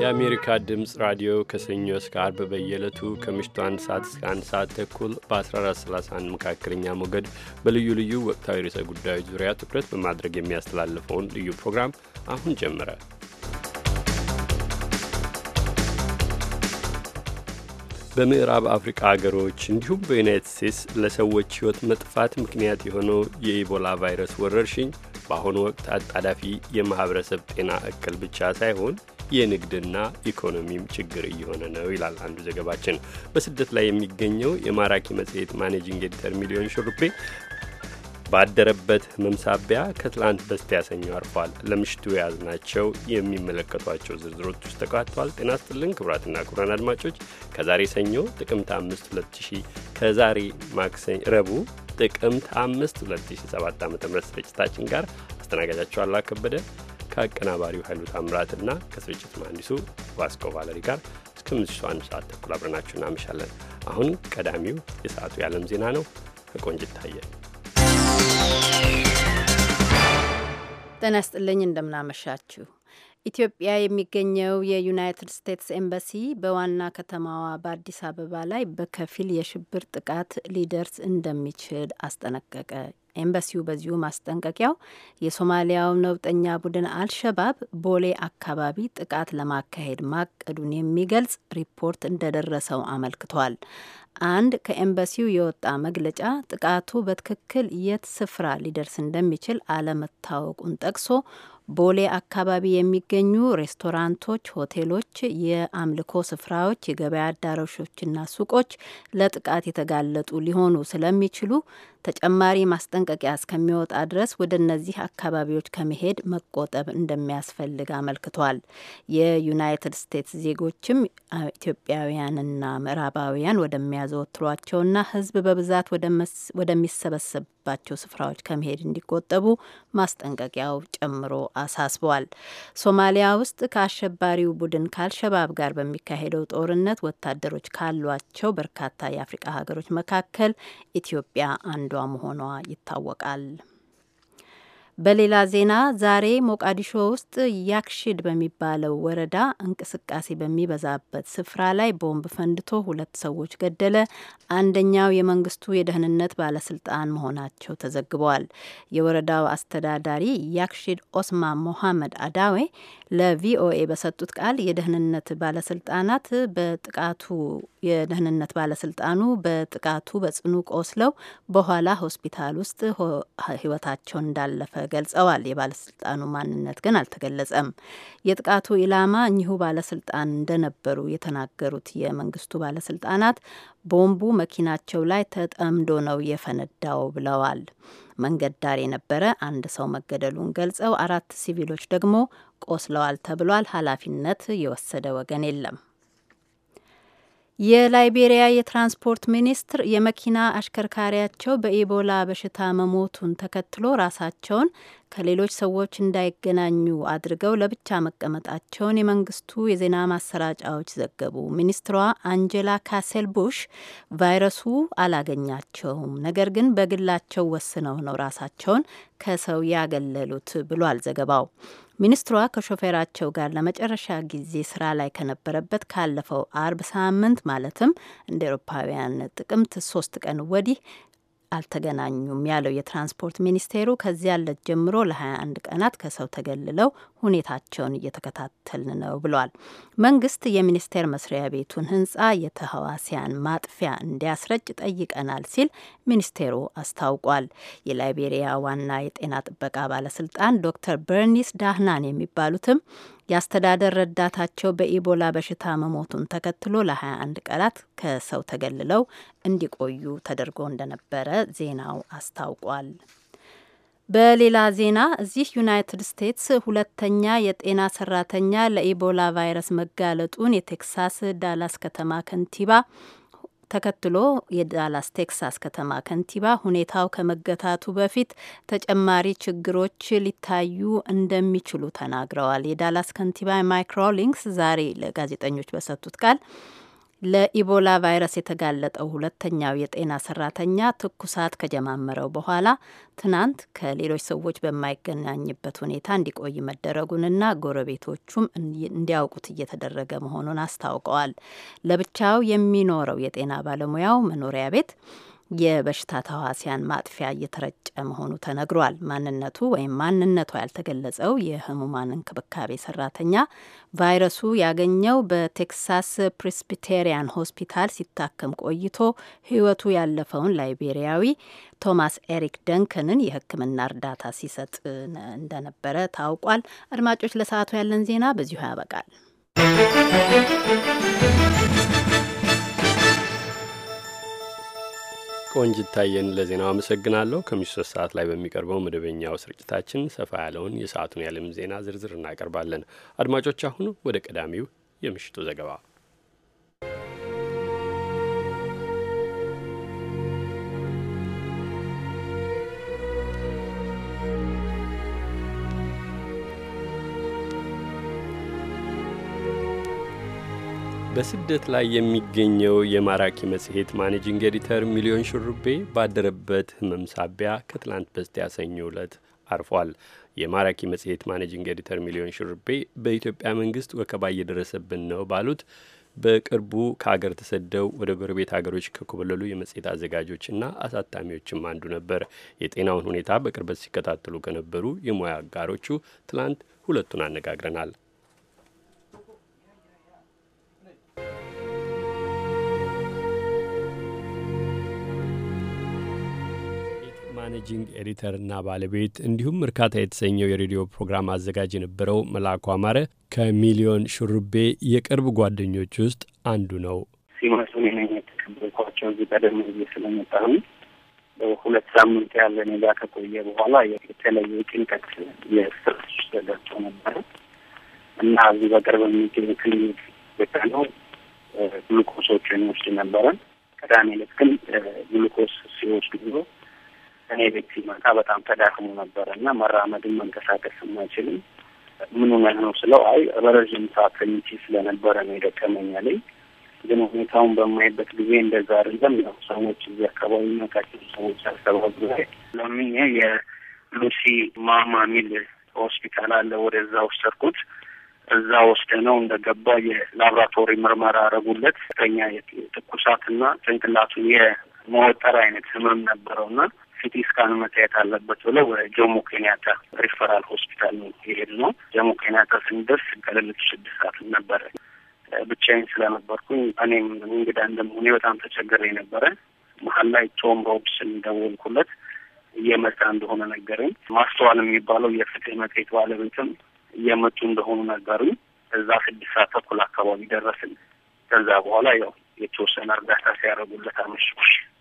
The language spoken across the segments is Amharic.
የአሜሪካ ድምፅ ራዲዮ ከሰኞ እስከ አርብ በየዕለቱ ከምሽቱ አንድ ሰዓት እስከ አንድ ሰዓት ተኩል በ1431 መካከለኛ ሞገድ በልዩ ልዩ ወቅታዊ ርዕሰ ጉዳዮች ዙሪያ ትኩረት በማድረግ የሚያስተላልፈውን ልዩ ፕሮግራም አሁን ጀመረ። በምዕራብ አፍሪቃ አገሮች እንዲሁም በዩናይትድ ስቴትስ ለሰዎች ሕይወት መጥፋት ምክንያት የሆነው የኢቦላ ቫይረስ ወረርሽኝ በአሁኑ ወቅት አጣዳፊ የማኅበረሰብ ጤና እክል ብቻ ሳይሆን የንግድና ኢኮኖሚም ችግር እየሆነ ነው ይላል አንዱ ዘገባችን። በስደት ላይ የሚገኘው የማራኪ መጽሔት ማኔጂንግ ኤዲተር ሚሊዮን ሹሩፔ ባደረበት ህመም ሳቢያ ከትላንት በስቲያ ሰኞ አርፏል። ለምሽቱ የያዝናቸው የሚመለከቷቸው ዝርዝሮች ውስጥ ተካቷል። ጤና ስጥልን ክቡራትና ክቡራን አድማጮች ከዛሬ ሰኞ ጥቅምት 5 2000 ከዛሬ ማክሰኝ ረቡዕ ጥቅምት 5 ዓ ም ስርጭታችን ጋር አስተናጋጃቸው አላከበደ ከአቀናባሪው ኃይሉ ታምራትና ከስርጭት መሀንዲሱ ቫስኮ ቫለሪ ጋር እስከ ምሽቱ አንድ ሰዓት ተኩል አብረናችሁ እናመሻለን። አሁን ቀዳሚው የሰዓቱ የዓለም ዜና ነው። ከቆንጅት ታየ ጤና ይስጥልኝ። እንደምናመሻችሁ ኢትዮጵያ የሚገኘው የዩናይትድ ስቴትስ ኤምባሲ በዋና ከተማዋ በአዲስ አበባ ላይ በከፊል የሽብር ጥቃት ሊደርስ እንደሚችል አስጠነቀቀ። ኤምባሲው በዚሁ ማስጠንቀቂያው የሶማሊያው ነውጠኛ ቡድን አልሸባብ ቦሌ አካባቢ ጥቃት ለማካሄድ ማቀዱን የሚገልጽ ሪፖርት እንደደረሰው አመልክቷል። አንድ ከኤምባሲው የወጣ መግለጫ ጥቃቱ በትክክል የት ስፍራ ሊደርስ እንደሚችል አለመታወቁን ጠቅሶ ቦሌ አካባቢ የሚገኙ ሬስቶራንቶች፣ ሆቴሎች፣ የአምልኮ ስፍራዎች፣ የገበያ አዳራሾችና ሱቆች ለጥቃት የተጋለጡ ሊሆኑ ስለሚችሉ ተጨማሪ ማስጠንቀቂያ እስከሚወጣ ድረስ ወደ እነዚህ አካባቢዎች ከመሄድ መቆጠብ እንደሚያስፈልግ አመልክቷል። የዩናይትድ ስቴትስ ዜጎችም ኢትዮጵያውያንና ምዕራባውያን ወደሚያዘወትሯቸውና ሕዝብ በብዛት ወደሚሰበሰብባቸው ስፍራዎች ከመሄድ እንዲቆጠቡ ማስጠንቀቂያው ጨምሮ አሳስበዋል። ሶማሊያ ውስጥ ከአሸባሪው ቡድን ከአልሸባብ ጋር በሚካሄደው ጦርነት ወታደሮች ካሏቸው በርካታ የአፍሪቃ ሀገሮች መካከል ኢትዮጵያ አንዷ መሆኗ ይታወቃል። በሌላ ዜና ዛሬ ሞቃዲሾ ውስጥ ያክሽድ በሚባለው ወረዳ እንቅስቃሴ በሚበዛበት ስፍራ ላይ ቦምብ ፈንድቶ ሁለት ሰዎች ገደለ። አንደኛው የመንግስቱ የደህንነት ባለስልጣን መሆናቸው ተዘግበዋል። የወረዳው አስተዳዳሪ ያክሽድ ኦስማን ሞሐመድ አዳዌ ለቪኦኤ በሰጡት ቃል የደህንነት ባለስልጣናት በጥቃቱ የደህንነት ባለስልጣኑ በጥቃቱ በጽኑ ቆስለው በኋላ ሆስፒታል ውስጥ ህይወታቸው እንዳለፈ ገልጸዋል። የባለስልጣኑ ማንነት ግን አልተገለጸም። የጥቃቱ ኢላማ እኚሁ ባለስልጣን እንደነበሩ የተናገሩት የመንግስቱ ባለስልጣናት ቦምቡ መኪናቸው ላይ ተጠምዶ ነው የፈነዳው ብለዋል። መንገድ ዳር የነበረ አንድ ሰው መገደሉን ገልጸው አራት ሲቪሎች ደግሞ ቆስለዋል ተብሏል። ኃላፊነት የወሰደ ወገን የለም። የላይቤሪያ የትራንስፖርት ሚኒስትር የመኪና አሽከርካሪያቸው በኢቦላ በሽታ መሞቱን ተከትሎ ራሳቸውን ከሌሎች ሰዎች እንዳይገናኙ አድርገው ለብቻ መቀመጣቸውን የመንግስቱ የዜና ማሰራጫዎች ዘገቡ። ሚኒስትሯ አንጀላ ካሴል ቡሽ ቫይረሱ አላገኛቸውም፣ ነገር ግን በግላቸው ወስነው ነው ራሳቸውን ከሰው ያገለሉት ብሏል ዘገባው። ሚኒስትሯ ከሾፌራቸው ጋር ለመጨረሻ ጊዜ ስራ ላይ ከነበረበት ካለፈው አርብ ሳምንት ማለትም እንደ ኤሮፓውያን ጥቅምት ሶስት ቀን ወዲህ አልተገናኙም ያለው የትራንስፖርት ሚኒስቴሩ ከዚያ ዕለት ጀምሮ ለ21 ቀናት ከሰው ተገልለው ሁኔታቸውን እየተከታተልን ነው ብሏል። መንግስት የሚኒስቴር መስሪያ ቤቱን ህንፃ የተህዋሲያን ማጥፊያ እንዲያስረጭ ጠይቀናል ሲል ሚኒስቴሩ አስታውቋል። የላይቤሪያ ዋና የጤና ጥበቃ ባለስልጣን ዶክተር በርኒስ ዳህናን የሚባሉትም የአስተዳደር ረዳታቸው በኢቦላ በሽታ መሞቱን ተከትሎ ለ21 ቀናት ከሰው ተገልለው እንዲቆዩ ተደርጎ እንደነበረ ዜናው አስታውቋል። በሌላ ዜና እዚህ ዩናይትድ ስቴትስ ሁለተኛ የጤና ሰራተኛ ለኢቦላ ቫይረስ መጋለጡን የቴክሳስ ዳላስ ከተማ ከንቲባ ተከትሎ የዳላስ ቴክሳስ ከተማ ከንቲባ ሁኔታው ከመገታቱ በፊት ተጨማሪ ችግሮች ሊታዩ እንደሚችሉ ተናግረዋል። የዳላስ ከንቲባ ማይክ ሮሊንግስ ዛሬ ለጋዜጠኞች በሰጡት ቃል ለኢቦላ ቫይረስ የተጋለጠው ሁለተኛው የጤና ሰራተኛ ትኩሳት ከጀማመረው በኋላ ትናንት ከሌሎች ሰዎች በማይገናኝበት ሁኔታ እንዲቆይ መደረጉንና ጎረቤቶቹም እንዲያውቁት እየተደረገ መሆኑን አስታውቀዋል። ለብቻው የሚኖረው የጤና ባለሙያው መኖሪያ ቤት የበሽታ ተዋሲያን ማጥፊያ እየተረጨ መሆኑ ተነግሯል። ማንነቱ ወይም ማንነቷ ያልተገለጸው የህሙማን እንክብካቤ ሰራተኛ ቫይረሱ ያገኘው በቴክሳስ ፕሬስቢቴሪያን ሆስፒታል ሲታከም ቆይቶ ህይወቱ ያለፈውን ላይቤሪያዊ ቶማስ ኤሪክ ደንከንን የህክምና እርዳታ ሲሰጥ እንደነበረ ታውቋል። አድማጮች፣ ለሰዓቱ ያለን ዜና በዚሁ ያበቃል። ቆንጅ ይታየን ለዜናው አመሰግናለሁ። ከምሽቱ ሶስት ሰዓት ላይ በሚቀርበው መደበኛው ስርጭታችን ሰፋ ያለውን የሰዓቱን የዓለም ዜና ዝርዝር እናቀርባለን። አድማጮች፣ አሁን ወደ ቀዳሚው የምሽቱ ዘገባ በስደት ላይ የሚገኘው የማራኪ መጽሔት ማኔጂንግ ኤዲተር ሚሊዮን ሹሩቤ ባደረበት ህመም ሳቢያ ከትላንት በስቲያ ሰኞ ዕለት አርፏል። የማራኪ መጽሔት ማኔጂንግ ኤዲተር ሚሊዮን ሹሩቤ በኢትዮጵያ መንግስት ወከባ እየደረሰብን ነው ባሉት በቅርቡ ከሀገር ተሰደው ወደ ጎረቤት ሀገሮች ከኮበለሉ የመጽሔት አዘጋጆችና አሳታሚዎችም አንዱ ነበር። የጤናውን ሁኔታ በቅርበት ሲከታተሉ ከነበሩ የሙያ አጋሮቹ ትላንት ሁለቱን አነጋግረናል። ማኔጂንግ ኤዲተርና ባለቤት እንዲሁም እርካታ የተሰኘው የሬዲዮ ፕሮግራም አዘጋጅ የነበረው መላኩ አማረ ከሚሊዮን ሹሩቤ የቅርብ ጓደኞች ውስጥ አንዱ ነው። ሲመቱን የተቀበልኳቸው እዚህ ቀደም ጊዜ ስለመጣሁ ሁለት ሳምንት ያለ እኔ ጋር ከቆየ በኋላ የተለየ ጭንቀት የስትረስ ተገብቶ ነበረ እና እዚህ በቅርብ የሚገኝ ክሊኒክ ቤታ ነው ግሉኮሶችን ውስድ ነበረን። ቅዳሜ ዕለት ግን ግሉኮስ ሲወስዱ እኔ ቤት ሲመጣ በጣም ተዳክሞ ነበረ እና መራመድን መንቀሳቀስ አይችልም። ምን ሆነህ ነው ስለው አይ በረዥም ሰዓት ተኝቼ ስለነበረ ነው የደከመኝ አለኝ። ግን ሁኔታውን በማይበት ጊዜ እንደዛ አይደለም። ያው ሰዎች እዚህ አካባቢ መካቸው ሰዎች ያሰባሉ ለምኝ የሉሲ ማማ ሚል ሆስፒታል አለ። ወደዛ ወሰድኩት። እዛ ወስደ ነው እንደገባ የላብራቶሪ ምርመራ አረጉለት። ተኛ ትኩሳትና ጭንቅላቱ የመወጠር አይነት ህመም ነበረውና ሲቲ ስካን መታየት አለበት ብለ ወደ ጆሞ ኬንያታ ሪፈራል ሆስፒታል ነው የሄድነው። ጆሞ ኬንያታ ስንደርስ ከሌሊቱ ስድስት ሰዓት ነበረ። ብቻዬን ስለነበርኩኝ እኔም እንግዳ እንደመሆኔ በጣም ተቸገረ ነበረ መሀል ላይ ቶም ሮብስን ደወልኩለት እየመጣ እንደሆነ ነገረኝ። ማስተዋል የሚባለው የፍትህ መጽሔት ባለቤትም እየመጡ እንደሆኑ ነገሩኝ። እዛ ስድስት ሰዓት ተኩል አካባቢ ደረስን። ከዛ በኋላ ያው የተወሰነ እርዳታ ሲያደርጉለት አመሸሁ።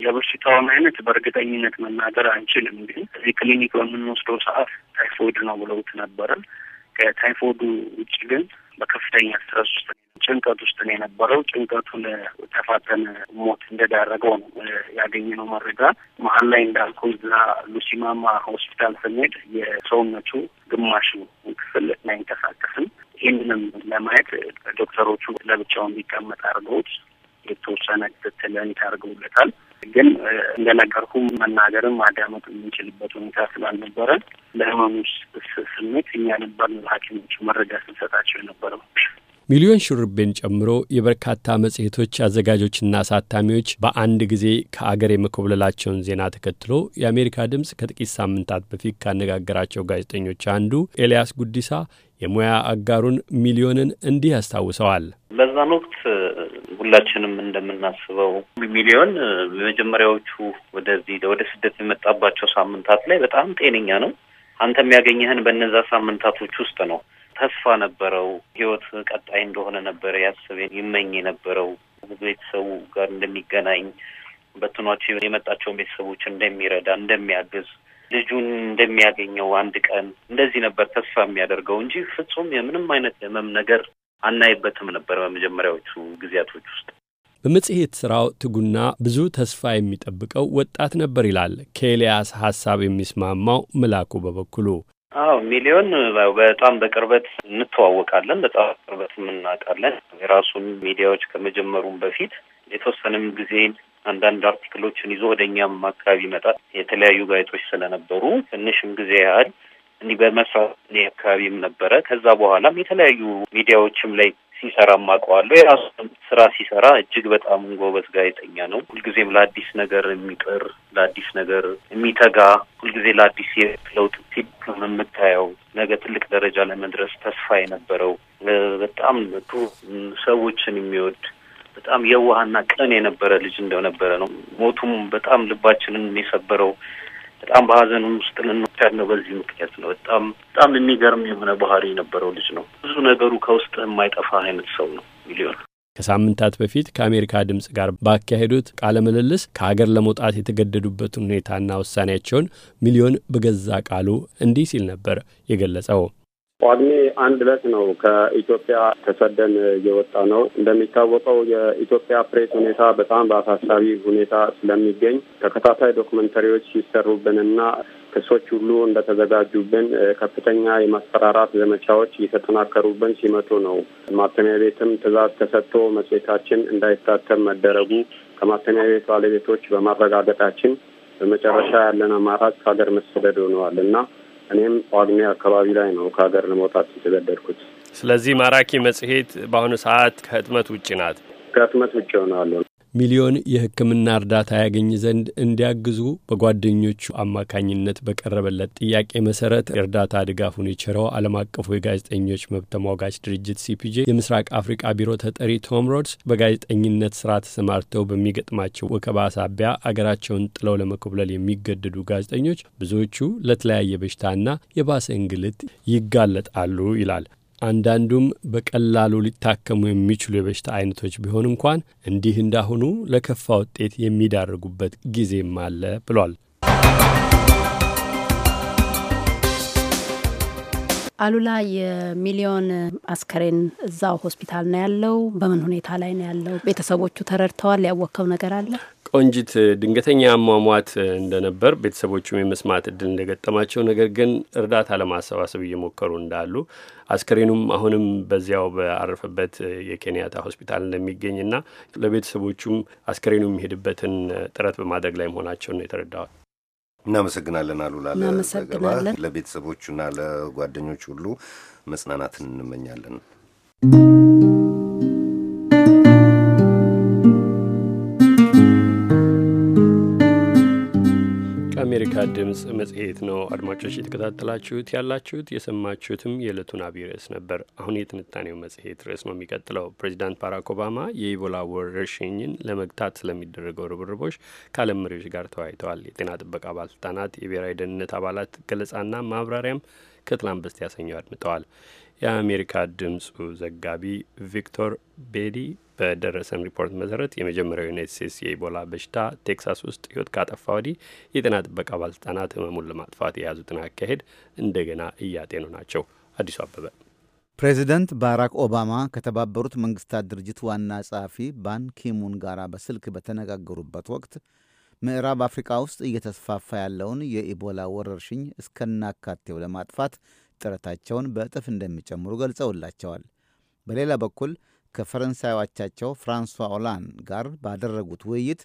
የበሽታውን አይነት በእርግጠኝነት መናገር አንችልም፣ ግን እዚህ ክሊኒክ በምንወስደው ሰዓት ታይፎይድ ነው ብለውት ነበረ። ከታይፎይዱ ውጭ ግን በከፍተኛ ስትረስ ውስጥ ጭንቀት ውስጥ ነው የነበረው። ጭንቀቱ ለተፋጠነ ሞት እንደዳረገው ነው ያገኘነው መረጃ። መሀል ላይ እንዳልኩ እዛ ሉሲማማ ሆስፒታል ስንሄድ የሰውነቱ ግማሹ ክፍል አይንቀሳቀስም። ይህንንም ለማየት ዶክተሮቹ ለብቻው እንዲቀመጥ አድርገውት የተወሰነ ክትትልን ይታደርጉለታል። ግን እንደነገርኩ መናገርም ማዳመጥ የምንችልበት ሁኔታ ስላልነበረ ለህመሙ ስሜት እኛ ነበር ሐኪሞቹ መረጃ ስንሰጣቸው የነበረው። ሚሊዮን ሹርቤን ጨምሮ የበርካታ መጽሔቶች አዘጋጆችና አሳታሚዎች በአንድ ጊዜ ከአገር የመኮብለላቸውን ዜና ተከትሎ የአሜሪካ ድምፅ ከጥቂት ሳምንታት በፊት ካነጋገራቸው ጋዜጠኞች አንዱ ኤልያስ ጉዲሳ የሙያ አጋሩን ሚሊዮንን እንዲህ ያስታውሰዋል። በዛን ወቅት ሁላችንም እንደምናስበው ሚሊዮን በመጀመሪያዎቹ ወደዚህ ወደ ስደት የመጣባቸው ሳምንታት ላይ በጣም ጤነኛ ነው። አንተ የሚያገኘህን በነዛ ሳምንታቶች ውስጥ ነው። ተስፋ ነበረው። ህይወት ቀጣይ እንደሆነ ነበረ ያስብ ይመኝ የነበረው ቤተሰቡ ጋር እንደሚገናኝ በትኗቸው የመጣቸውን ቤተሰቦች እንደሚረዳ እንደሚያግዝ ልጁን እንደሚያገኘው አንድ ቀን እንደዚህ ነበር ተስፋ የሚያደርገው እንጂ ፍጹም የምንም አይነት ህመም ነገር አናይበትም ነበር በመጀመሪያዎቹ ጊዜያቶች ውስጥ። በመጽሔት ሥራው ትጉና ብዙ ተስፋ የሚጠብቀው ወጣት ነበር ይላል ከኤልያስ ሐሳብ የሚስማማው መላኩ በበኩሉ። አዎ ሚሊዮን በጣም በቅርበት እንተዋወቃለን፣ በጣም በቅርበት የምናውቃለን። የራሱን ሚዲያዎች ከመጀመሩም በፊት የተወሰነም ጊዜ አንዳንድ አርቲክሎችን ይዞ ወደ እኛም አካባቢ ይመጣል። የተለያዩ ጋዜጦች ስለነበሩ ትንሽም ጊዜ ያህል እንዲህ በመስራት እኔ አካባቢም ነበረ። ከዛ በኋላም የተለያዩ ሚዲያዎችም ላይ ሲሰራ ማውቀዋለሁ። የራሱን ስራ ሲሰራ እጅግ በጣም ጎበዝ ጋዜጠኛ ነው። ሁልጊዜም ለአዲስ ነገር የሚጥር ለአዲስ ነገር የሚተጋ ሁልጊዜ ለአዲስ ለውጥ ሲል የምታየው ነገ ትልቅ ደረጃ ለመድረስ ተስፋ የነበረው በጣም ሰዎችን የሚወድ በጣም የዋህና ቅን የነበረ ልጅ እንደነበረ ነው። ሞቱም በጣም ልባችንን የሰበረው በጣም በሀዘን ውስጥ ልንቻል ነው። በዚህ ምክንያት ነው። በጣም በጣም የሚገርም የሆነ ባህሪ የነበረው ልጅ ነው። ብዙ ነገሩ ከውስጥ የማይጠፋ አይነት ሰው ነው ሚሊዮን። ከሳምንታት በፊት ከአሜሪካ ድምፅ ጋር ባካሄዱት ቃለ ምልልስ ከሀገር ለመውጣት የተገደዱበትን ሁኔታና ውሳኔያቸውን ሚሊዮን በገዛ ቃሉ እንዲህ ሲል ነበር የገለጸው። ጳጉሜ አንድ ዕለት ነው ከኢትዮጵያ ተሰደን የወጣ ነው። እንደሚታወቀው የኢትዮጵያ ፕሬስ ሁኔታ በጣም በአሳሳቢ ሁኔታ ስለሚገኝ ተከታታይ ዶክመንተሪዎች ሲሰሩብንና ክሶች ሁሉ እንደተዘጋጁብን ከፍተኛ የማስፈራራት ዘመቻዎች እየተጠናከሩብን ሲመጡ ነው። ማተሚያ ቤትም ትዕዛዝ ተሰጥቶ መጽሔታችን እንዳይታተም መደረጉ ከማተሚያ ቤት ባለቤቶች በማረጋገጣችን በመጨረሻ ያለን አማራጭ ከሀገር መሰደድ ሆነዋል እና እኔም ጳጉሜ አካባቢ ላይ ነው ከሀገር ለመውጣት የተገደድኩት። ስለዚህ ማራኪ መጽሔት በአሁኑ ሰዓት ከህትመት ውጭ ናት። ከህትመት ውጭ ሆናለሁ። ሚሊዮን የሕክምና እርዳታ ያገኝ ዘንድ እንዲያግዙ በጓደኞቹ አማካኝነት በቀረበለት ጥያቄ መሰረት እርዳታ ድጋፉን የቸረው ዓለም አቀፉ የጋዜጠኞች መብት ተሟጋች ድርጅት ሲፒጄ የምስራቅ አፍሪቃ ቢሮ ተጠሪ ቶም ሮድስ በጋዜጠኝነት ስራ ተሰማርተው በሚገጥማቸው ወከባ ሳቢያ አገራቸውን ጥለው ለመኮብለል የሚገደዱ ጋዜጠኞች ብዙዎቹ ለተለያየ በሽታና የባሰ እንግልት ይጋለጣሉ ይላል። አንዳንዱም በቀላሉ ሊታከሙ የሚችሉ የበሽታ አይነቶች ቢሆን እንኳን እንዲህ እንዳሁኑ ለከፋ ውጤት የሚዳርጉበት ጊዜም አለ ብሏል። አሉላ የሚሊዮን አስከሬን እዛው ሆስፒታል ነው ያለው። በምን ሁኔታ ላይ ነው ያለው? ቤተሰቦቹ ተረድተዋል? ያወከው ነገር አለ? ቆንጂት ድንገተኛ አሟሟት እንደነበር ቤተሰቦቹም የመስማት እድል እንደገጠማቸው ነገር ግን እርዳታ ለማሰባሰብ እየሞከሩ እንዳሉ አስከሬኑም አሁንም በዚያው በአረፈበት የኬንያታ ሆስፒታል እንደሚገኝና ለቤተሰቦቹም አስከሬኑ የሚሄድበትን ጥረት በማድረግ ላይ መሆናቸውን ነው የተረዳዋል። እናመሰግናለን አሉላ ለዘገባ። ለቤተሰቦቹና ለጓደኞች ሁሉ መጽናናትን እንመኛለን። የአሜሪካ ድምፅ መጽሔት ነው። አድማጮች የተከታተላችሁት ያላችሁት የሰማችሁትም የዕለቱን አብይ ርዕስ ነበር። አሁን የትንታኔው መጽሔት ርዕስ ነው የሚቀጥለው። ፕሬዚዳንት ባራክ ኦባማ የኢቦላ ወረርሽኝን ለመግታት ስለሚደረገው ርብርቦች ከዓለም መሪዎች ጋር ተወያይተዋል። የጤና ጥበቃ ባለስልጣናት፣ የብሔራዊ ደህንነት አባላት ገለጻና ማብራሪያም ከትላንት በስቲያ ሰኞ አድምጠዋል። የአሜሪካ ድምፁ ዘጋቢ ቪክቶር ቤዲ በደረሰን ሪፖርት መሰረት የመጀመሪያው ዩናይት ስቴትስ የኢቦላ በሽታ ቴክሳስ ውስጥ ህይወት ካጠፋ ወዲህ የጤና ጥበቃ ባለስልጣናት ህመሙን ለማጥፋት የያዙትን አካሄድ እንደገና እያጤኑ ናቸው። አዲሱ አበበ ፕሬዚደንት ባራክ ኦባማ ከተባበሩት መንግስታት ድርጅት ዋና ጸሐፊ ባን ኪሙን ጋር በስልክ በተነጋገሩበት ወቅት ምዕራብ አፍሪካ ውስጥ እየተስፋፋ ያለውን የኢቦላ ወረርሽኝ እስከናካቴው ለማጥፋት ጥረታቸውን በእጥፍ እንደሚጨምሩ ገልጸውላቸዋል። በሌላ በኩል ከፈረንሳዮቻቸው ፍራንሷ ኦላንድ ጋር ባደረጉት ውይይት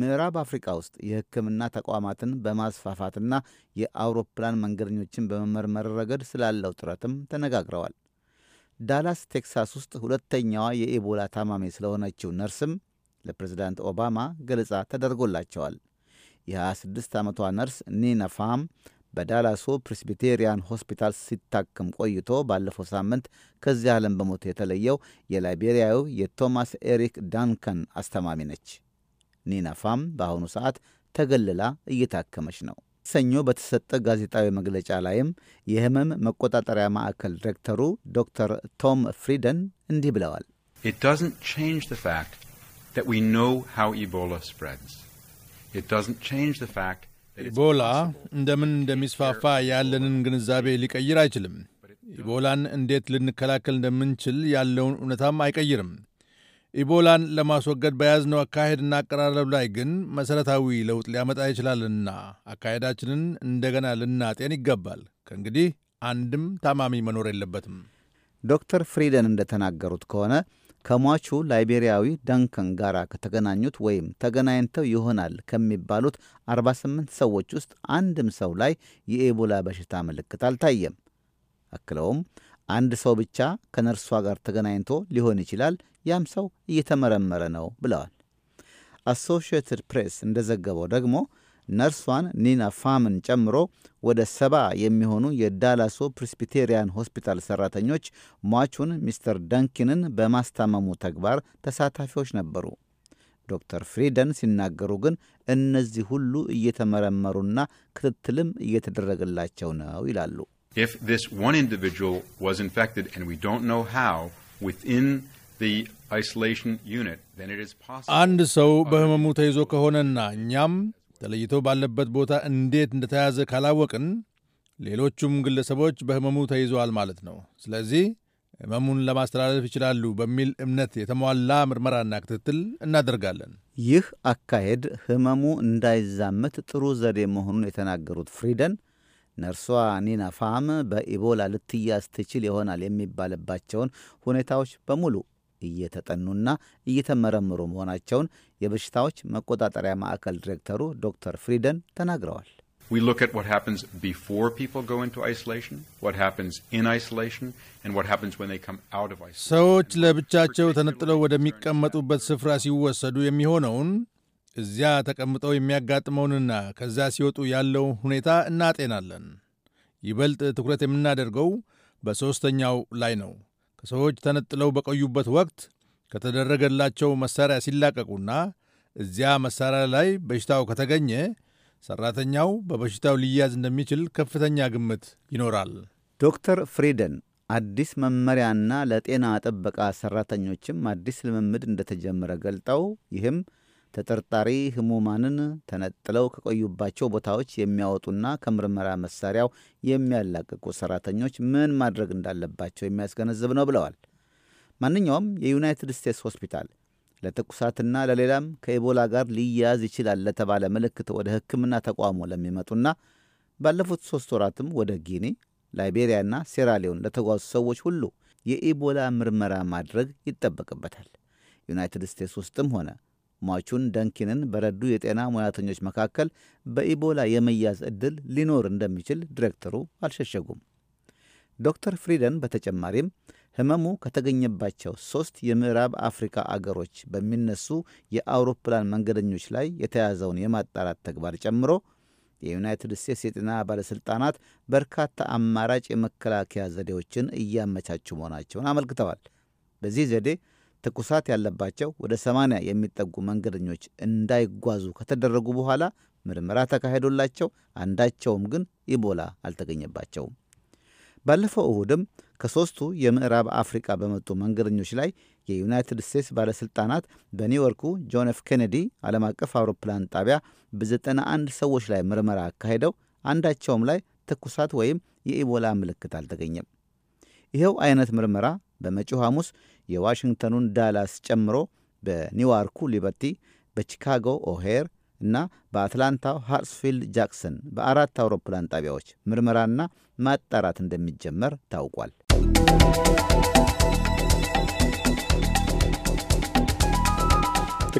ምዕራብ አፍሪካ ውስጥ የሕክምና ተቋማትን በማስፋፋትና የአውሮፕላን መንገደኞችን በመመርመር ረገድ ስላለው ጥረትም ተነጋግረዋል። ዳላስ ቴክሳስ ውስጥ ሁለተኛዋ የኢቦላ ታማሚ ስለሆነችው ነርስም ለፕሬዝዳንት ኦባማ ገለጻ ተደርጎላቸዋል። የ26 ዓመቷ ነርስ ኒና ፋም በዳላሱ ፕሬስቢቴሪያን ሆስፒታል ሲታክም ቆይቶ ባለፈው ሳምንት ከዚህ ዓለም በሞት የተለየው የላይቤሪያዊ የቶማስ ኤሪክ ዳንከን አስተማሚ ነች። ኒና ፋም በአሁኑ ሰዓት ተገልላ እየታከመች ነው። ሰኞ በተሰጠ ጋዜጣዊ መግለጫ ላይም የህመም መቆጣጠሪያ ማዕከል ዲሬክተሩ ዶክተር ቶም ፍሪደን እንዲህ ብለዋል። ኢት ኢቦላ እንደምን እንደሚስፋፋ ያለንን ግንዛቤ ሊቀይር አይችልም። ኢቦላን እንዴት ልንከላከል እንደምንችል ያለውን እውነታም አይቀይርም። ኢቦላን ለማስወገድ በያዝነው አካሄድና አቀራረብ ላይ ግን መሠረታዊ ለውጥ ሊያመጣ ይችላልና አካሄዳችንን እንደገና ልናጤን ይገባል። ከእንግዲህ አንድም ታማሚ መኖር የለበትም። ዶክተር ፍሪደን እንደተናገሩት ከሆነ ከሟቹ ላይቤሪያዊ ዳንከን ጋር ከተገናኙት ወይም ተገናኝተው ይሆናል ከሚባሉት 48 ሰዎች ውስጥ አንድም ሰው ላይ የኤቦላ በሽታ ምልክት አልታየም። አክለውም አንድ ሰው ብቻ ከነርሷ ጋር ተገናኝቶ ሊሆን ይችላል፣ ያም ሰው እየተመረመረ ነው ብለዋል። አሶሺየትድ ፕሬስ እንደዘገበው ደግሞ ነርሷን ኒና ፋምን ጨምሮ ወደ ሰባ የሚሆኑ የዳላሶ ፕሬስቢቴሪያን ሆስፒታል ሰራተኞች ሟቹን ሚስተር ዳንኪንን በማስታመሙ ተግባር ተሳታፊዎች ነበሩ። ዶክተር ፍሪደን ሲናገሩ ግን እነዚህ ሁሉ እየተመረመሩና ክትትልም እየተደረገላቸው ነው ይላሉ። አንድ ሰው በህመሙ ተይዞ ከሆነና እኛም ተለይቶ ባለበት ቦታ እንዴት እንደተያዘ ካላወቅን ሌሎቹም ግለሰቦች በሕመሙ ተይዘዋል ማለት ነው። ስለዚህ ህመሙን ለማስተላለፍ ይችላሉ በሚል እምነት የተሟላ ምርመራና ክትትል እናደርጋለን። ይህ አካሄድ ህመሙ እንዳይዛመት ጥሩ ዘዴ መሆኑን የተናገሩት ፍሪደን ነርሷ ኒና ፋም በኢቦላ ልትያዝ ትችል ይሆናል የሚባልባቸውን ሁኔታዎች በሙሉ እየተጠኑና እየተመረመሩ መሆናቸውን የበሽታዎች መቆጣጠሪያ ማዕከል ዲሬክተሩ ዶክተር ፍሪደን ተናግረዋል። We look at what happens before people go into isolation, what happens in isolation, and what happens when they come out of isolation. ሰዎች ለብቻቸው ተነጥለው ወደሚቀመጡበት ስፍራ ሲወሰዱ የሚሆነውን እዚያ ተቀምጠው የሚያጋጥመውንና ከዛ ሲወጡ ያለው ሁኔታ እናጤናለን። ይበልጥ ትኩረት የምናደርገው በሦስተኛው ላይ ነው። ከሰዎች ተነጥለው በቆዩበት ወቅት ከተደረገላቸው መሳሪያ ሲላቀቁና እዚያ መሳሪያ ላይ በሽታው ከተገኘ ሰራተኛው በበሽታው ሊያዝ እንደሚችል ከፍተኛ ግምት ይኖራል። ዶክተር ፍሪደን አዲስ መመሪያና ለጤና ጥበቃ ሰራተኞችም አዲስ ልምምድ እንደተጀመረ ገልጠው ይህም ተጠርጣሪ ህሙማንን ተነጥለው ከቆዩባቸው ቦታዎች የሚያወጡና ከምርመራ መሳሪያው የሚያላቅቁ ሰራተኞች ምን ማድረግ እንዳለባቸው የሚያስገነዝብ ነው ብለዋል። ማንኛውም የዩናይትድ ስቴትስ ሆስፒታል ለትኩሳትና ለሌላም ከኢቦላ ጋር ሊያያዝ ይችላል ለተባለ ምልክት ወደ ሕክምና ተቋሙ ለሚመጡና ባለፉት ሦስት ወራትም ወደ ጊኒ፣ ላይቤሪያና ሴራሊዮን ለተጓዙ ሰዎች ሁሉ የኢቦላ ምርመራ ማድረግ ይጠበቅበታል። ዩናይትድ ስቴትስ ውስጥም ሆነ ሟቹን ደንኪንን በረዱ የጤና ሙያተኞች መካከል በኢቦላ የመያዝ ዕድል ሊኖር እንደሚችል ዲሬክተሩ አልሸሸጉም። ዶክተር ፍሪደን በተጨማሪም ህመሙ ከተገኘባቸው ሦስት የምዕራብ አፍሪካ አገሮች በሚነሱ የአውሮፕላን መንገደኞች ላይ የተያዘውን የማጣራት ተግባር ጨምሮ የዩናይትድ ስቴትስ የጤና ባለሥልጣናት በርካታ አማራጭ የመከላከያ ዘዴዎችን እያመቻቹ መሆናቸውን አመልክተዋል። በዚህ ዘዴ ትኩሳት ያለባቸው ወደ 80 የሚጠጉ መንገደኞች እንዳይጓዙ ከተደረጉ በኋላ ምርመራ ተካሄዶላቸው አንዳቸውም ግን ኢቦላ አልተገኘባቸውም። ባለፈው እሁድም ከሦስቱ የምዕራብ አፍሪቃ በመጡ መንገደኞች ላይ የዩናይትድ ስቴትስ ባለሥልጣናት በኒውዮርኩ ጆን ኤፍ ኬኔዲ ዓለም አቀፍ አውሮፕላን ጣቢያ በ91 ሰዎች ላይ ምርመራ አካሄደው አንዳቸውም ላይ ትኩሳት ወይም የኢቦላ ምልክት አልተገኘም። ይኸው አይነት ምርመራ በመጪው ሐሙስ የዋሽንግተኑን ዳላስ ጨምሮ በኒውዮርኩ ሊበርቲ፣ በቺካጎ ኦሄር እና በአትላንታው ሃርስፊልድ ጃክሰን በአራት አውሮፕላን ጣቢያዎች ምርመራና ማጣራት እንደሚጀመር ታውቋል።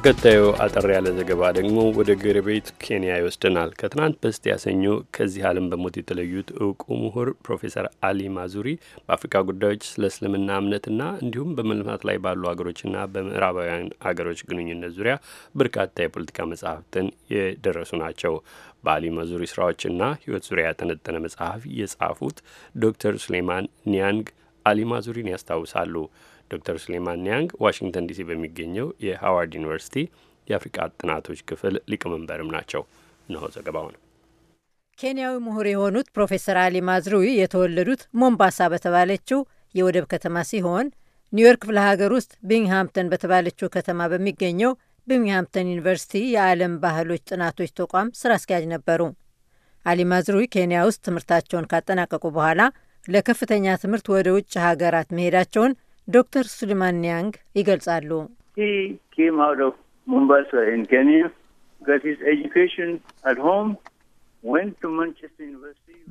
ተከታዩ አጠር ያለ ዘገባ ደግሞ ወደ ጎረቤት ኬንያ ይወስደናል። ከትናንት በስቲያ ሰኞ ከዚህ ዓለም በሞት የተለዩት እውቁ ምሁር ፕሮፌሰር አሊ ማዙሪ በአፍሪካ ጉዳዮች ስለ እስልምና እምነትና እንዲሁም በመልማት ላይ ባሉ አገሮችና በምዕራባውያን አገሮች ግንኙነት ዙሪያ በርካታ የፖለቲካ መጽሐፍትን የደረሱ ናቸው። በአሊ ማዙሪ ስራዎችና ሕይወት ዙሪያ ያጠነጠነ መጽሐፍ የጻፉት ዶክተር ሱሌማን ኒያንግ አሊ ማዙሪን ያስታውሳሉ። ዶክተር ሱሌማን ኒያንግ ዋሽንግተን ዲሲ በሚገኘው የሃዋርድ ዩኒቨርሲቲ የአፍሪቃ ጥናቶች ክፍል ሊቀመንበርም ናቸው። እነሆ ዘገባውን። ኬንያዊ ምሁር የሆኑት ፕሮፌሰር አሊ ማዝሩዊ የተወለዱት ሞምባሳ በተባለችው የወደብ ከተማ ሲሆን ኒውዮርክ ክፍለ ሀገር ውስጥ ቢንግሃምፕተን በተባለችው ከተማ በሚገኘው ቢንግሃምፕተን ዩኒቨርሲቲ የዓለም ባህሎች ጥናቶች ተቋም ስራ አስኪያጅ ነበሩ። አሊ ማዝሩዊ ኬንያ ውስጥ ትምህርታቸውን ካጠናቀቁ በኋላ ለከፍተኛ ትምህርት ወደ ውጭ ሀገራት መሄዳቸውን ዶክተር ሱሊማን ኒያንግ ይገልጻሉ።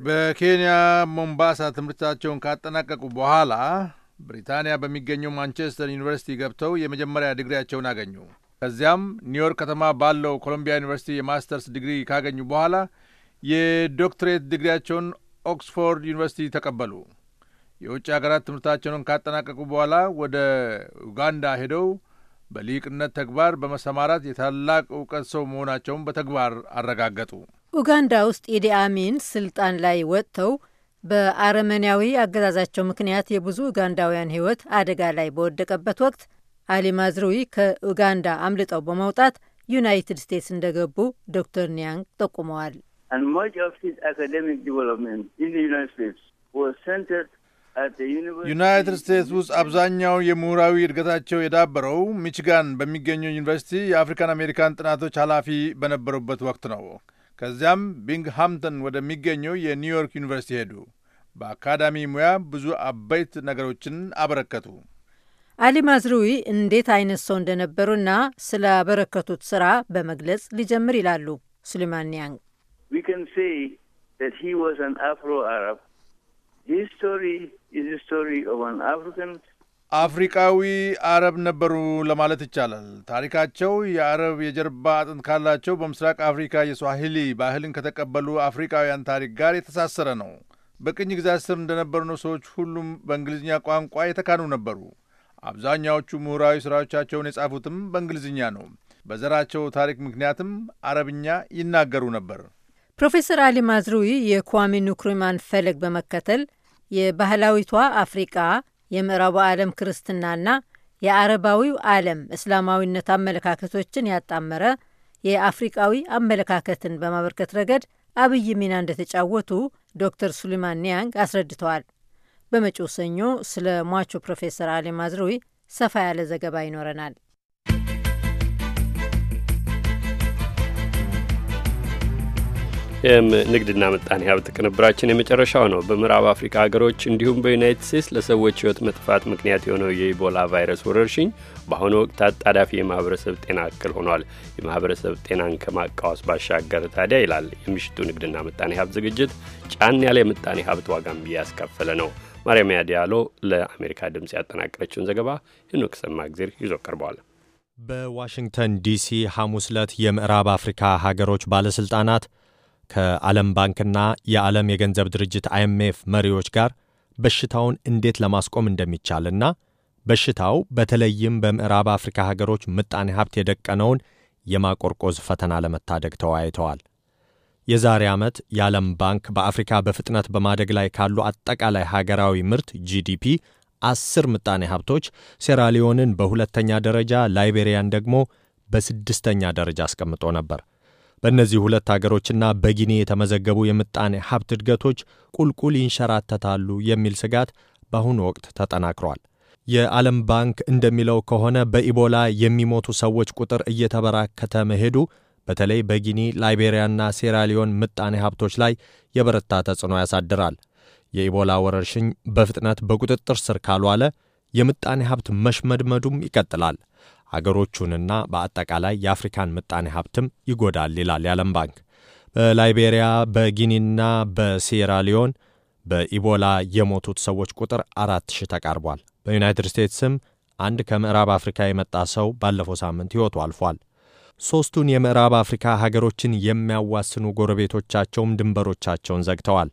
በኬንያ ሞምባሳ ትምህርታቸውን ካጠናቀቁ በኋላ ብሪታንያ በሚገኘው ማንቸስተር ዩኒቨርሲቲ ገብተው የመጀመሪያ ዲግሪያቸውን አገኙ። ከዚያም ኒውዮርክ ከተማ ባለው ኮሎምቢያ ዩኒቨርሲቲ የማስተርስ ዲግሪ ካገኙ በኋላ የዶክትሬት ዲግሪያቸውን ኦክስፎርድ ዩኒቨርሲቲ ተቀበሉ። የውጭ ሀገራት ትምህርታቸውን ካጠናቀቁ በኋላ ወደ ኡጋንዳ ሄደው በሊቅነት ተግባር በመሰማራት የታላቅ እውቀት ሰው መሆናቸውን በተግባር አረጋገጡ። ኡጋንዳ ውስጥ ኢዲ አሚን ስልጣን ላይ ወጥተው በአረመኔያዊ አገዛዛቸው ምክንያት የብዙ ኡጋንዳውያን ሕይወት አደጋ ላይ በወደቀበት ወቅት አሊ ማዝሩዊ ከኡጋንዳ አምልጠው በመውጣት ዩናይትድ ስቴትስ እንደገቡ ዶክተር ኒያንግ ጠቁመዋል። ዩናይትድ ስቴትስ ውስጥ አብዛኛው የምሁራዊ እድገታቸው የዳበረው ሚችጋን በሚገኘው ዩኒቨርሲቲ የአፍሪካን አሜሪካን ጥናቶች ኃላፊ በነበሩበት ወቅት ነው። ከዚያም ቢንግሃምተን ወደሚገኘው የኒውዮርክ ዩኒቨርሲቲ ሄዱ። በአካዳሚ ሙያ ብዙ አበይት ነገሮችን አበረከቱ። አሊ ማዝሩዊ እንዴት አይነት ሰው እንደነበሩና ስላበረከቱት ስራ በመግለጽ ሊጀምር ይላሉ ሱሊማን ያንግ። ዊ ካን ሂ አን አፍሮ አረብ አፍሪካዊ አፍሪቃዊ አረብ ነበሩ ለማለት ይቻላል። ታሪካቸው የአረብ የጀርባ አጥንት ካላቸው በምስራቅ አፍሪካ የስዋሂሊ ባህልን ከተቀበሉ አፍሪካውያን ታሪክ ጋር የተሳሰረ ነው። በቅኝ ግዛት ስር እንደነበሩ ነው ሰዎች ሁሉም በእንግሊዝኛ ቋንቋ የተካኑ ነበሩ። አብዛኛዎቹ ምሁራዊ ሥራዎቻቸውን የጻፉትም በእንግሊዝኛ ነው። በዘራቸው ታሪክ ምክንያትም አረብኛ ይናገሩ ነበር። ፕሮፌሰር አሊ ማዝሩዊ የኳሚ ኑክሪማን ፈለግ በመከተል የባህላዊቷ አፍሪቃ የምዕራቡ ዓለም ክርስትናና የአረባዊው ዓለም እስላማዊነት አመለካከቶችን ያጣመረ የአፍሪቃዊ አመለካከትን በማበርከት ረገድ አብይ ሚና እንደተጫወቱ ዶክተር ሱሊማን ኒያንግ አስረድተዋል። በመጪው ሰኞ ስለ ሟቹ ፕሮፌሰር አሊ ማዝሩዊ ሰፋ ያለ ዘገባ ይኖረናል። ንግድና ምጣኔ ሀብት ቅንብራችን የመጨረሻው ነው። በምዕራብ አፍሪካ ሀገሮች እንዲሁም በዩናይትድ ስቴትስ ለሰዎች ሕይወት መጥፋት ምክንያት የሆነው የኢቦላ ቫይረስ ወረርሽኝ በአሁኑ ወቅት አጣዳፊ የማህበረሰብ ጤና እክል ሆኗል። የማህበረሰብ ጤናን ከማቃወስ ባሻገር ታዲያ ይላል የምሽቱ ንግድና ምጣኔ ሀብት ዝግጅት ጫን ያለ የምጣኔ ሀብት ዋጋም እያስከፈለ ነው። ማርያም ዲያሎ ለአሜሪካ ድምፅ ያጠናቀረችውን ዘገባ ሄኖክ ጊዜር ይዞ ቀርበዋል። በዋሽንግተን ዲሲ ሐሙስ ዕለት የምዕራብ አፍሪካ ሀገሮች ባለሥልጣናት ከዓለም ባንክና የዓለም የገንዘብ ድርጅት አይኤምኤፍ መሪዎች ጋር በሽታውን እንዴት ለማስቆም እንደሚቻልና በሽታው በተለይም በምዕራብ አፍሪካ ሀገሮች ምጣኔ ሀብት የደቀነውን የማቆርቆዝ ፈተና ለመታደግ ተወያይተዋል። የዛሬ ዓመት የዓለም ባንክ በአፍሪካ በፍጥነት በማደግ ላይ ካሉ አጠቃላይ ሀገራዊ ምርት ጂዲፒ አስር ምጣኔ ሀብቶች ሴራሊዮንን በሁለተኛ ደረጃ ላይቤሪያን ደግሞ በስድስተኛ ደረጃ አስቀምጦ ነበር። በእነዚህ ሁለት አገሮችና በጊኒ የተመዘገቡ የምጣኔ ሀብት እድገቶች ቁልቁል ይንሸራተታሉ የሚል ስጋት በአሁኑ ወቅት ተጠናክሯል። የዓለም ባንክ እንደሚለው ከሆነ በኢቦላ የሚሞቱ ሰዎች ቁጥር እየተበራከተ መሄዱ በተለይ በጊኒ ላይቤሪያና ሴራሊዮን ምጣኔ ሀብቶች ላይ የበረታ ተጽዕኖ ያሳድራል። የኢቦላ ወረርሽኝ በፍጥነት በቁጥጥር ስር ካልዋለ የምጣኔ ሀብት መሽመድመዱም ይቀጥላል። ሀገሮቹንና በአጠቃላይ የአፍሪካን ምጣኔ ሀብትም ይጎዳል ይላል የዓለም ባንክ። በላይቤሪያ በጊኒና በሴራሊዮን በኢቦላ የሞቱት ሰዎች ቁጥር አራት ሺህ ተቃርቧል። በዩናይትድ ስቴትስም አንድ ከምዕራብ አፍሪካ የመጣ ሰው ባለፈው ሳምንት ሕይወቱ አልፏል። ሦስቱን የምዕራብ አፍሪካ ሀገሮችን የሚያዋስኑ ጎረቤቶቻቸውም ድንበሮቻቸውን ዘግተዋል።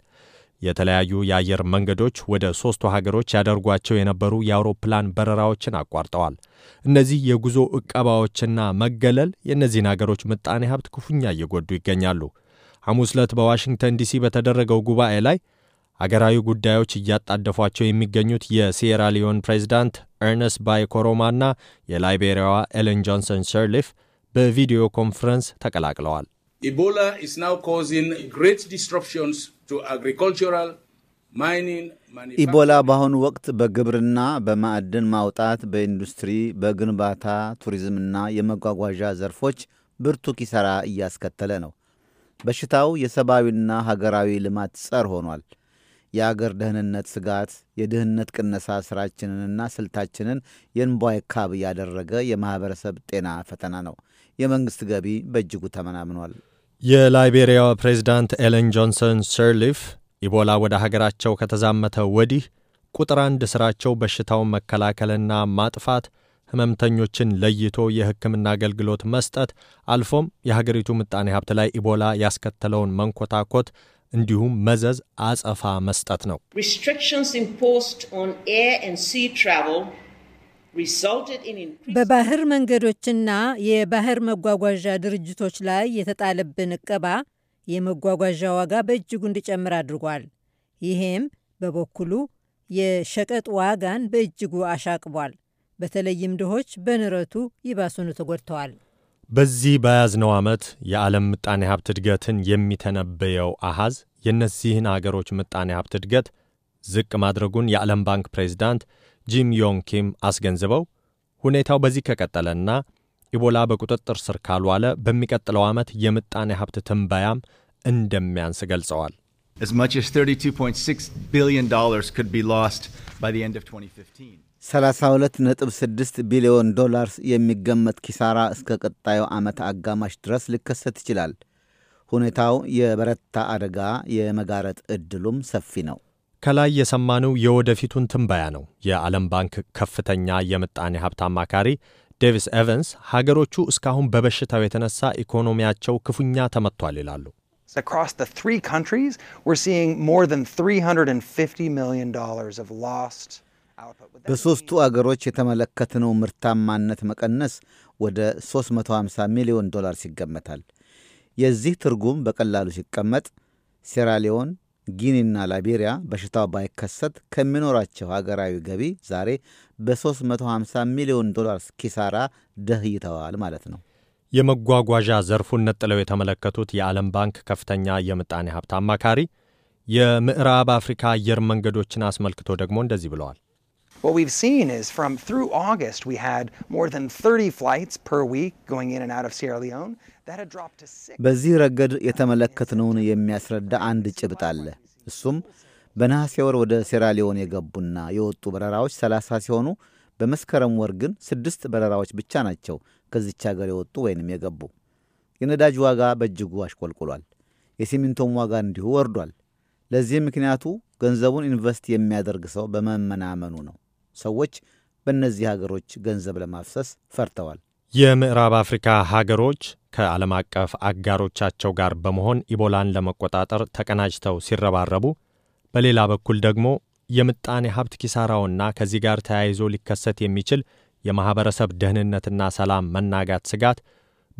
የተለያዩ የአየር መንገዶች ወደ ሦስቱ ሀገሮች ያደርጓቸው የነበሩ የአውሮፕላን በረራዎችን አቋርጠዋል። እነዚህ የጉዞ ዕቀባዎችና መገለል የእነዚህን አገሮች ምጣኔ ሀብት ክፉኛ እየጎዱ ይገኛሉ። ሐሙስ ዕለት በዋሽንግተን ዲሲ በተደረገው ጉባኤ ላይ አገራዊ ጉዳዮች እያጣደፏቸው የሚገኙት የሲየራ ሊዮን ፕሬዚዳንት ኤርነስት ባይ ኮሮማና የላይቤሪያዋ ኤለን ጆንሰን ሰርሊፍ በቪዲዮ ኮንፈረንስ ተቀላቅለዋል። Ebola is now causing great disruptions to agricultural ኢቦላ በአሁኑ ወቅት በግብርና፣ በማዕድን ማውጣት፣ በኢንዱስትሪ፣ በግንባታ፣ ቱሪዝምና የመጓጓዣ ዘርፎች ብርቱ ኪሳራ እያስከተለ ነው። በሽታው የሰብአዊና ሀገራዊ ልማት ጸር ሆኗል። የአገር ደህንነት ስጋት የድህነት ቅነሳ ሥራችንንና ስልታችንን የንቧይ ካብ ያደረገ የማኅበረሰብ ጤና ፈተና ነው። የመንግሥት ገቢ በእጅጉ ተመናምኗል። የላይቤሪያ ፕሬዚዳንት ኤለን ጆንሰን ሰርሊፍ ኢቦላ ወደ ሀገራቸው ከተዛመተ ወዲህ ቁጥር አንድ ሥራቸው በሽታውን መከላከልና ማጥፋት፣ ሕመምተኞችን ለይቶ የሕክምና አገልግሎት መስጠት፣ አልፎም የሀገሪቱ ምጣኔ ሀብት ላይ ኢቦላ ያስከተለውን መንኮታኮት እንዲሁም መዘዝ አጸፋ መስጠት ነው። በባህር መንገዶችና የባህር መጓጓዣ ድርጅቶች ላይ የተጣለብን እቀባ የመጓጓዣ ዋጋ በእጅጉ እንዲጨምር አድርጓል። ይሄም በበኩሉ የሸቀጥ ዋጋን በእጅጉ አሻቅቧል። በተለይም ድሆች በንረቱ ይባሱኑ ተጎድተዋል። በዚህ በያዝነው ዓመት የዓለም ምጣኔ ሀብት እድገትን የሚተነበየው አሃዝ የእነዚህን አገሮች ምጣኔ ሀብት እድገት ዝቅ ማድረጉን የዓለም ባንክ ፕሬዚዳንት ጂም ዮንግ ኪም አስገንዝበው ሁኔታው በዚህ ከቀጠለና ኢቦላ በቁጥጥር ስር ካልዋለ በሚቀጥለው ዓመት የምጣኔ ሀብት ትንበያም እንደሚያንስ ገልጸዋል። as much as $32.6 billion could be lost by the end of 2015. 32.6 ቢሊዮን ዶላርስ የሚገመት ኪሳራ እስከ ቀጣዩ ዓመት አጋማሽ ድረስ ሊከሰት ይችላል። ሁኔታው የበረታ አደጋ የመጋረጥ ዕድሉም ሰፊ ነው። ከላይ የሰማነው የወደፊቱን ትንበያ ነው። የዓለም ባንክ ከፍተኛ የምጣኔ ሀብት አማካሪ ዴቪስ ኤቨንስ ሀገሮቹ እስካሁን በበሽታው የተነሳ ኢኮኖሚያቸው ክፉኛ ተመቷል ይላሉ። በሦስቱ አገሮች የተመለከትነው ምርታማነት መቀነስ ወደ 350 ሚሊዮን ዶላርስ ይገመታል። የዚህ ትርጉም በቀላሉ ሲቀመጥ ሴራሊዮን ጊኒና ላይቤሪያ በሽታው ባይከሰት ከሚኖራቸው ሀገራዊ ገቢ ዛሬ በ350 ሚሊዮን ዶላር ኪሳራ ደህይተዋል ማለት ነው። የመጓጓዣ ዘርፉን ነጥለው የተመለከቱት የዓለም ባንክ ከፍተኛ የምጣኔ ሀብት አማካሪ የምዕራብ አፍሪካ አየር መንገዶችን አስመልክቶ ደግሞ እንደዚህ ብለዋል። What we've seen is from through August, we had more than 30 flights per week going in and out of Sierra Leone. በዚህ ረገድ የተመለከትነውን የሚያስረዳ አንድ ጭብጥ አለ። እሱም በነሐሴ ወር ወደ ሴራሊዮን የገቡና የወጡ በረራዎች 30 ሲሆኑ በመስከረም ወር ግን ስድስት በረራዎች ብቻ ናቸው ከዚች አገር የወጡ ወይንም የገቡ። የነዳጅ ዋጋ በእጅጉ አሽቆልቁሏል። የሲሚንቶም ዋጋ እንዲሁ ወርዷል። ለዚህ ምክንያቱ ገንዘቡን ኢንቨስት የሚያደርግ ሰው በመመናመኑ ነው። ሰዎች በእነዚህ አገሮች ገንዘብ ለማፍሰስ ፈርተዋል። የምዕራብ አፍሪካ ሀገሮች ከዓለም አቀፍ አጋሮቻቸው ጋር በመሆን ኢቦላን ለመቆጣጠር ተቀናጅተው ሲረባረቡ፣ በሌላ በኩል ደግሞ የምጣኔ ሀብት ኪሳራውና ከዚህ ጋር ተያይዞ ሊከሰት የሚችል የማኅበረሰብ ደህንነትና ሰላም መናጋት ስጋት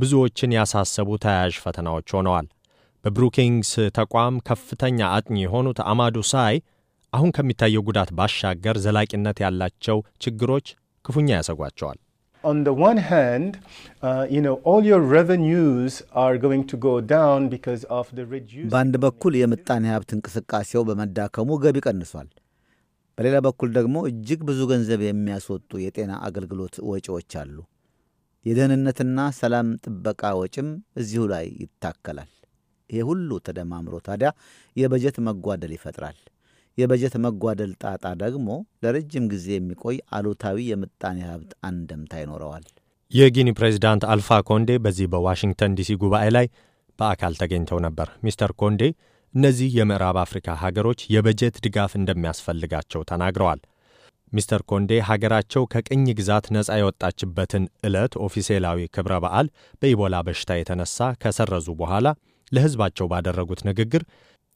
ብዙዎችን ያሳሰቡ ተያያዥ ፈተናዎች ሆነዋል። በብሩኪንግስ ተቋም ከፍተኛ አጥኚ የሆኑት አማዱ ሳይ አሁን ከሚታየው ጉዳት ባሻገር ዘላቂነት ያላቸው ችግሮች ክፉኛ ያሰጓቸዋል። on the one hand, uh, you know, all your revenues are going to go down because of the reduced... በአንድ በኩል የምጣኔ ሀብት እንቅስቃሴው በመዳከሙ ገቢ ቀንሷል። በሌላ በኩል ደግሞ እጅግ ብዙ ገንዘብ የሚያስወጡ የጤና አገልግሎት ወጪዎች አሉ። የደህንነትና ሰላም ጥበቃ ወጪም እዚሁ ላይ ይታከላል። ይሄ ሁሉ ተደማምሮ ታዲያ የበጀት መጓደል ይፈጥራል። የበጀት መጓደል ጣጣ ደግሞ ለረጅም ጊዜ የሚቆይ አሉታዊ የምጣኔ ሀብት አንደምታ ይኖረዋል። የጊኒ ፕሬዚዳንት አልፋ ኮንዴ በዚህ በዋሽንግተን ዲሲ ጉባኤ ላይ በአካል ተገኝተው ነበር። ሚስተር ኮንዴ እነዚህ የምዕራብ አፍሪካ ሀገሮች የበጀት ድጋፍ እንደሚያስፈልጋቸው ተናግረዋል። ሚስተር ኮንዴ ሀገራቸው ከቅኝ ግዛት ነፃ የወጣችበትን ዕለት ኦፊሴላዊ ክብረ በዓል በኢቦላ በሽታ የተነሳ ከሰረዙ በኋላ ለሕዝባቸው ባደረጉት ንግግር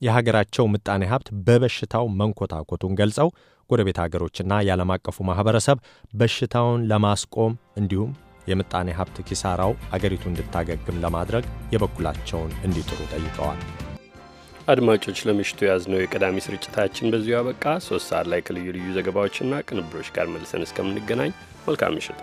የሀገራቸው ምጣኔ ሀብት በበሽታው መንኮታኮቱን ገልጸው ጎረቤት ሀገሮችና የዓለም አቀፉ ማኅበረሰብ በሽታውን ለማስቆም እንዲሁም የምጣኔ ሀብት ኪሳራው አገሪቱ እንድታገግም ለማድረግ የበኩላቸውን እንዲጥሩ ጠይቀዋል። አድማጮች፣ ለምሽቱ የያዝነው የቀዳሚ ስርጭታችን በዚሁ አበቃ። ሶስት ሰዓት ላይ ከልዩ ልዩ ዘገባዎችና ቅንብሮች ጋር መልሰን እስከምንገናኝ መልካም ምሽት።